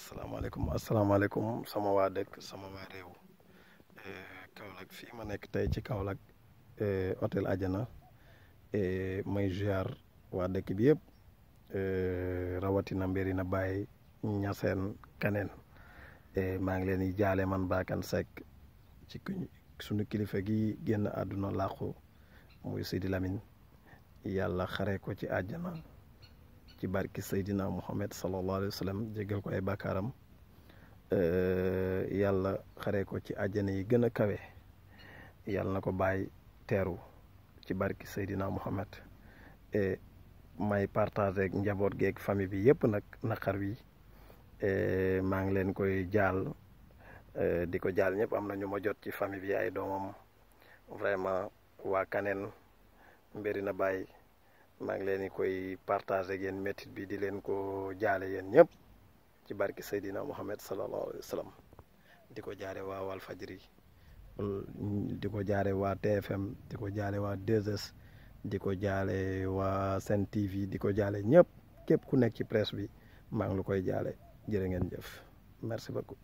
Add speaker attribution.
Speaker 1: asalaamaaleykum asalaamaaleykum sama waa dëkk sama waa réew eh, Kaolack fii ma nekk tey ci Kaolack eh, hôtel ajana eh, may ziar waa dëkk bi yëpp rawatina na Baye Niassène Kaneen maa ngi leen di jaale man Bakane Seck ci kuñ sunu kilifa gi génn àdduna làqu muy Sidi Lamine yàlla xaree ko ci àjjana ci barki Seydina Muhammad sallallahu alayhi wa sallam jégal ko ay bàkkaaram euh, yàlla xaree ko ci àjjana yi gën a kawe yàlla na ko bàyyi teeru ci barki Seydina Muhammad et may partager njaboot geek famille bi yëpp nag naqar wi maa ngi leen koy jaal euh, di ko jaal ñëpp am na ñu ma jot ci famille bi ay doomam vraiment waa Kaneen mbiri na bàyyi maa ngi leen di koy partager ak yéen métit bi di leen ko jaale yen ñëpp ci barki Seydina Muhammad sallallahu alayhi wa di ko jaare waa Walfajri di ko jaare waa TFM di ko jaale waa 2S di ko jaale waa Sen TV di ko jaale ñëpp képp ku nekk ci presse bi maa ngi la koy jaale jërë ngeen jëf merci beaucoup